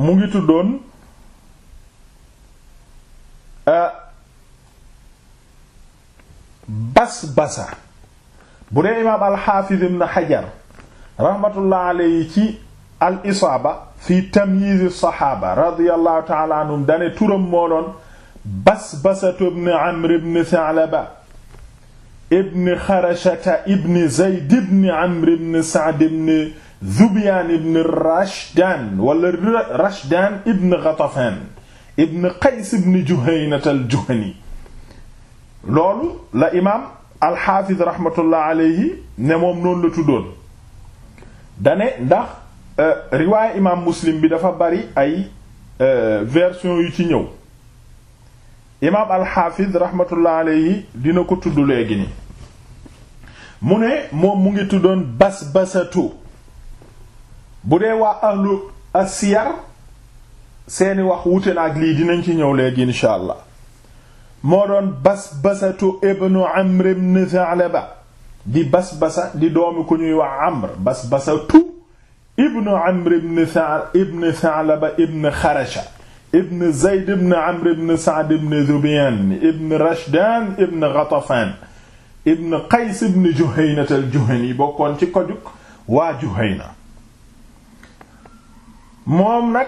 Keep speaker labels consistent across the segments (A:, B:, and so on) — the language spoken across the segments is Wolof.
A: mu ngi don euh, basbasa bu dee imaam alxaafiz ibn xajar rahmatullah alayhi ci al isaaba fi tamyiz saxaaba radiyallahu taala anhum dane turam moo doon basbasatu amr ibn sa'laba ibn xarashata ibn zayd ibn amr ibn sa'd ibn Zubyaan ibn Rashdaan wala Rashdaan ibn Ghatafaan ibn Qays ibn Juhaynat loolu la imaam al-Hafiz ne moom noonu la tuddoon dane ndax euh, riwaayu imaam Muslim bi dafa bari ay euh, version yu ci ñëw imaam al-Hafiz dina ko tudd léegi ni mu ne moom mu ngi tuddoon Basbasatu bu dee waa allu asiyar seeni wax wuute ak lii dinañ ci ñëw léegi insha allah moo doon basbasatu ibnu amr ibn Tha'laba di basbasa di doomi ku ñuy wax amr basbasatu ibnu amr ibn Tha'laba ibn Tha'laba ibn Kharasha ibn Zayd ibn Amr ibn Sa'd ibn Dhubyan ibn Rashdan ibn Ghatafan ibn Qays ibn Juhaynat al-Juhani bokkoon ci kojuk waa Juhayna moom nag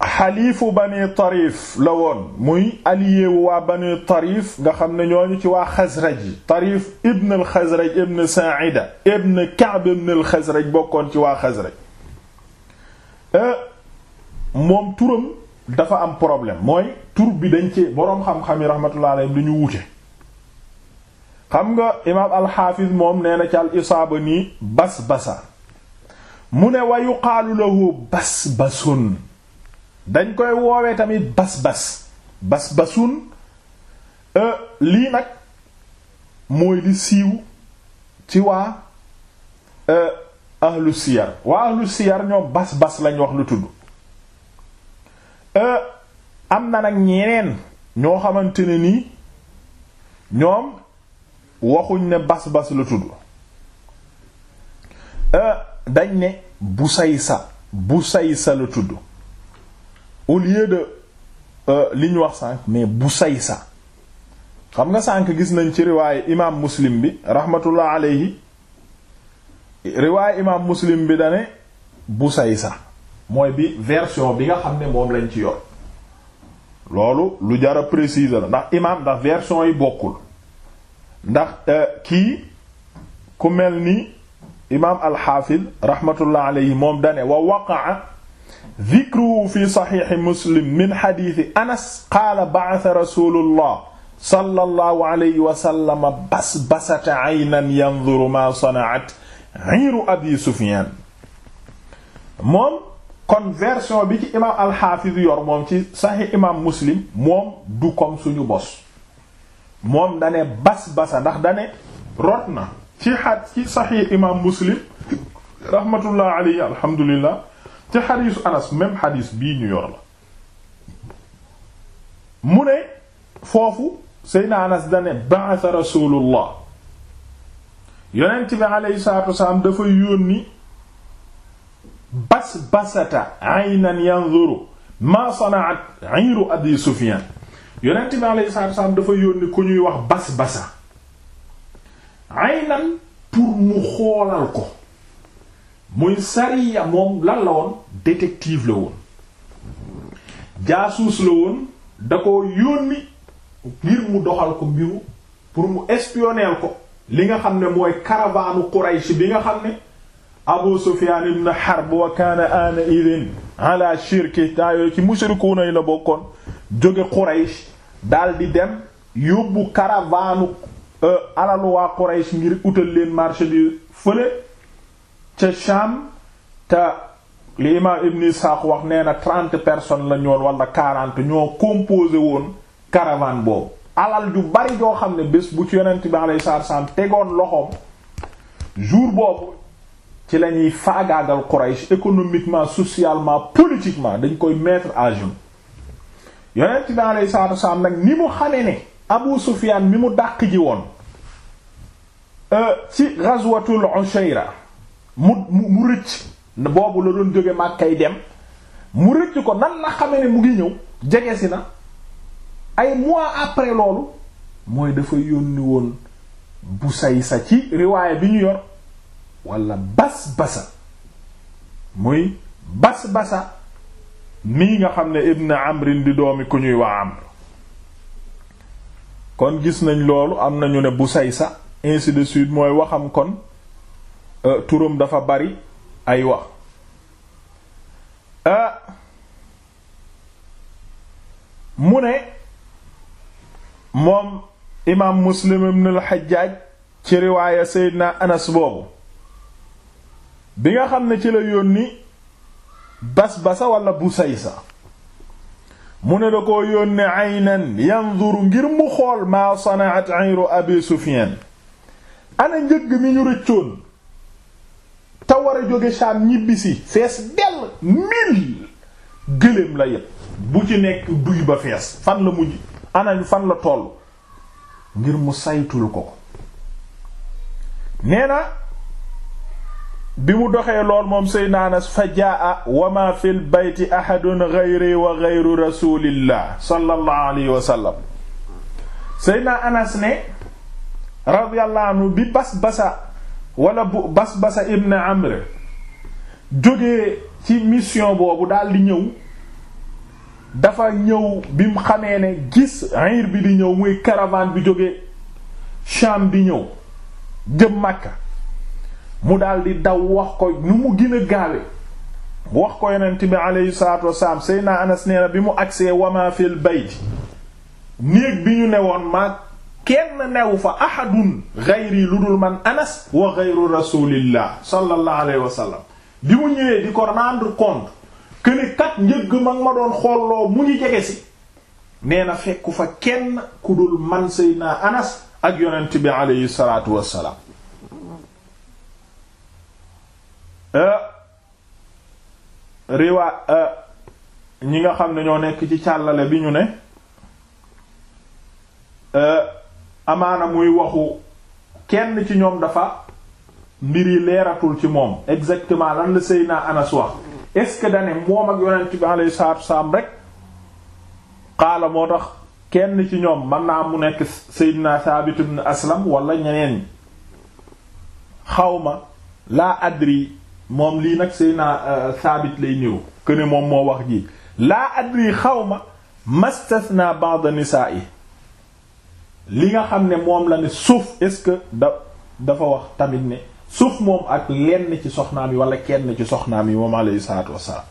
A: xaliifu bani tarif la woon muy allié waa bani tarif nga xam ne ñoo ñu ci waa xasraj yi tarif ibn al xasraj ibn sa'ida ibn ka'b ibn al xasraj bokkoon ci waa xasraj euh, moom turam dafa am problème mooy tur bi dañ ci boroom xam-xam yi rahmatullah alayhim ñu wuute xam nga imaam alxaafiz moom nee na ci al isaaba nii bas basa mu ne wa yuqaalu lahu basbasun dañ koy woowee tamit basbas basbasun euh, lii nag mooy li siiw ci waa euh, ahlu siyar waa ahlu siyar ñoom basbas lañ wax lu tudd euh, am na nag ñeneen ñoo xamante ne nii ñoom waxuñ ne basbas lu tudd dañ ne bu Busaysa Busaysa la tudd au lieu de euh, li ñu wax sànq mais Busaysa xam nga sànq gis nañ ci riwaaye imaam muslim bi rahmatullah alayhi riwaaye imaam muslim bi dane Busaysa mooy bi version bi nga xam ne moom lañ ci yor loolu lu jara préciser la ndax imaam ndax version yi bokkul ndax euh, kii ku mel ni imaam alxaafid rahmatullah alayhi moom dane wa waqaa dikruhu fi saxiixi muslim min xadiisi anas qaala ba'atha rasuulullah sallallahu alayhi wa sallam basbasata aynan yanzuru maa sana'at iiru abi sufyaan moom kon version bi ci imaam alxaafid yor moom ci saxiix imaam muslim moom du comme suñu bos moom dane bas basa ndax dane rot na ci xad ci saxiix imaam muslim rahmatullah alayhi alhamdulilah ci xadiisu anas même xadiis bii ñu yor mu ne foofu seydna anas dane ba'atha rasulullah yonent bi aleyhi salatu wasalaam dafa yónni bas basata yanzuru ma sana'at ayru abi sufyan yonent bi aleyhi salatu dafa yónni ku ñuy wax bas aynan pour mu xoolal ko muy sariya moom lan la woon détective la woon jaasuus la woon da ko yónni ngir mu doxal ko mbiru pour mu espionner ko li nga xam ne mooy caravane Quraysh bi nga xam ne Abu Sufyan ibn Harb wa kana ana idin ala shirki taa yooyu ci mushrikuuna yi la bokkoon jóge Quraysh daal di dem yóbbu caravane Euh, alalu waa Quraysh ngir utal leen marché bi fële ca Sham te li imaam Ibn Ishaq wax nee na trente personnes la ñoon wala quarante ñoo composé woon caravane boobu alal ju bari joo xam ne bés bu ci yonent bi alayhi salaatu salaam tegoon loxoom jour boobu ci la ñuy faagaagal Quraysh économiquement socialement politiquement dañ koy mettre à jour yonent bi alayhi salaatu salaam nag ni mu xamee ne Abu Sufyaan mi mu dàq ji woon euh, ci ghazwatul Ushayra mu mu rëcc boobu la doon jóge Màkkay dem mu rëcc ko nan la xamee ne mu ngi ñëw jege si na ay mois après loolu mooy dafa yónni woon Busaysa ci riwaaya bi ñu yor walla Basbasa muy Basbasa mii nga xam ne ibn Amrin di doomi ku ñuy waa am kon gis nañ loolu am nañu ne Busaysa ainsi de suite mooy waxam kon euh, turam dafa bari ay wax euh, mu ne moom imaam Muslim ibn al-Hajjaj ci riwaaya Seydina Anas boobu bi nga xam ne ci la yónni bu say Busaysa mu ne da koo yónne aynan yanzuru ngir mu xool maa sanaat ayru abi sufyan ana njëgg mi ñu rëccoon te war a jóge Sham ñibbisi fees dell mil gëléem la yépp bu ci nekk duy ba fees fan la mujj ana fan la toll ngir mu saytul ko ko nee na bi mu doxee lool moom Seydina Anas fa jaa wa ma fil bayti ahadun ghayri wa ghayru rasulillah sallallahu alayhi wa Anas ne radiyallahu anhu bi Basbasa wala bu Basbasa ibn Amr jógee ci mission boobu daal di ñëw dafa ñëw bi mu xamee ne gis ayir bi di ñëw muy caravane bi jógee Sham di ñëw jëm Makka mu daldi daw wax ko nu mu gën a gaawe wax ko yonent bi aleyhi salaatu wasalaam Seydina Anas nee bi mu agsee wama fil néeg bi ñu newoon ma kenn newu fa ahadun gayri lu dul man Anas wa gayru rasulillah sallallahu alayhi wa bi mu ñëwee di ko rendre compte que njëgg mag ma doon xoolloo mu ñu jege si nee na fekku fa kenn ku dul man Seydina Anas ak yonent bi aleyhi salaatu wasalaam riwaa ñi nga xam ne ñoo nekk ci càllale bi ñu ne amaana muy waxu kenn ci ñoom dafa mbir yi leeratul ci moom exactement lan la Seydina Anas wax est-ce que dane moom ak yonent bi alayhi salaatu salaam rek xaala moo tax kenn ci ñoom mën naa mu nekk Seydina Saabit ibn Aslam wala ñeneen xawma laa adri moom lii nag sëy naa euh, saabit lay ñëw këne moom moo wax ji laa xaw ma adri naa mastasna ba'd yi li nga xam ne moom la ne suuf est-ce que dafa wax tamit ne suuf moom ak lenn ci soxnaam yi walla kenn ci soxnaam yi moom alayhi salaatu wassalaam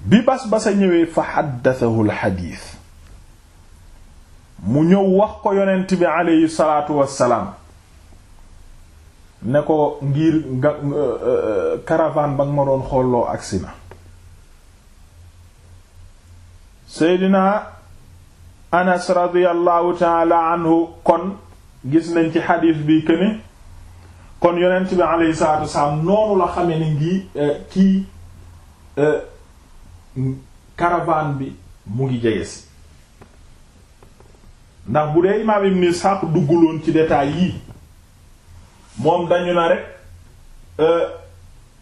A: bi bas basa ñëwee fa xaddatahul xadiis mu ñëw wax ko yonent bi alayhi salaatu wassalaam ne ko ngir nga euh, euh, caravane ba nga ma doon xolloo agsi na seydina anas radiyallahu taala anhu kon gis nañ ci xadiis bi këne kon yonent bi alayhi salaatu wasalaam noonu la xamee ne ngi euh, kii caravane bi mu ngi jege si ndax bu dee imaam ibn Isxaaq dugguloon ci détail yi moom dañu na rek euh,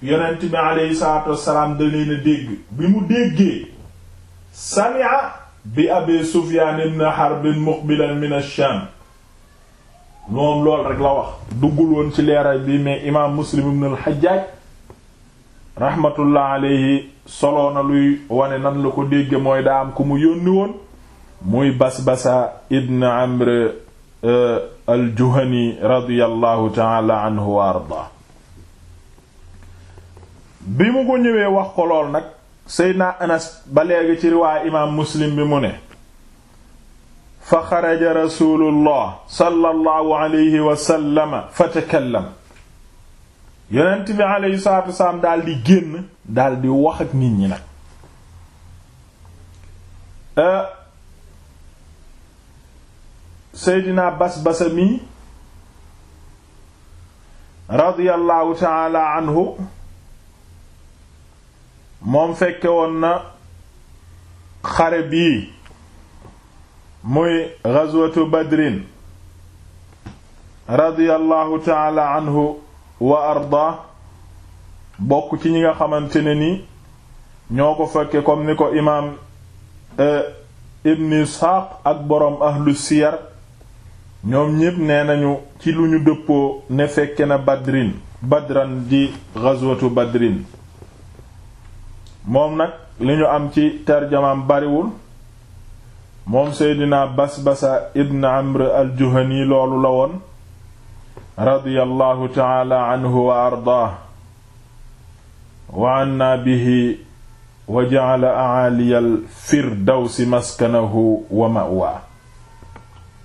A: yonent bi aleyhi salaatu wassalaam da leen a dégg bi mu déggee sami'a bi abi sufyaan ibn harb muqbilan min ash-sham moom loolu rek la wax duggul woon ci leeral bi mais imaam muslim ibn al-hajjaj rahmatullah alayhi soloo na luy wane nan la ko dégge mooy daa am ku mu yónni woon muy bas basa ibn amr euh, aljuhani radiyallahu taala anhu wa arda bi mu ko ñëwee wax ko lool nag seydna anas ba léegi ci riwaaya imaam muslim bi mu ne fa xaraja rasulullah sallallahu alayhi wa yonent bi alayhi salaatu wasalaam daal génn daal wax ak nit ñi nag euh, seydina basbasa mi radiyallahu taala anhu moom fekke woon xare bi muy ghazwatu badrin radiyallahu taala anhu wa arda bokk ci ñi nga xamante ne ni ñoo ko fekke comme ni ko imaam eh, ibn isxaaq ak boroom ahlu siyar ñoom ñépp nee nañu ci lu ñu dëppoo ne fekke na badrin badran di ghazwatu badrin moom nag li ñu am ci tarjamaam bariwul moom seydina basbasa ibn amr al-juhani loolu la woon radiyallahu taala anhu wa ardaah wa anna bihi wa ja'ala a'aliyal firdawsi maskanahu wa ma'waa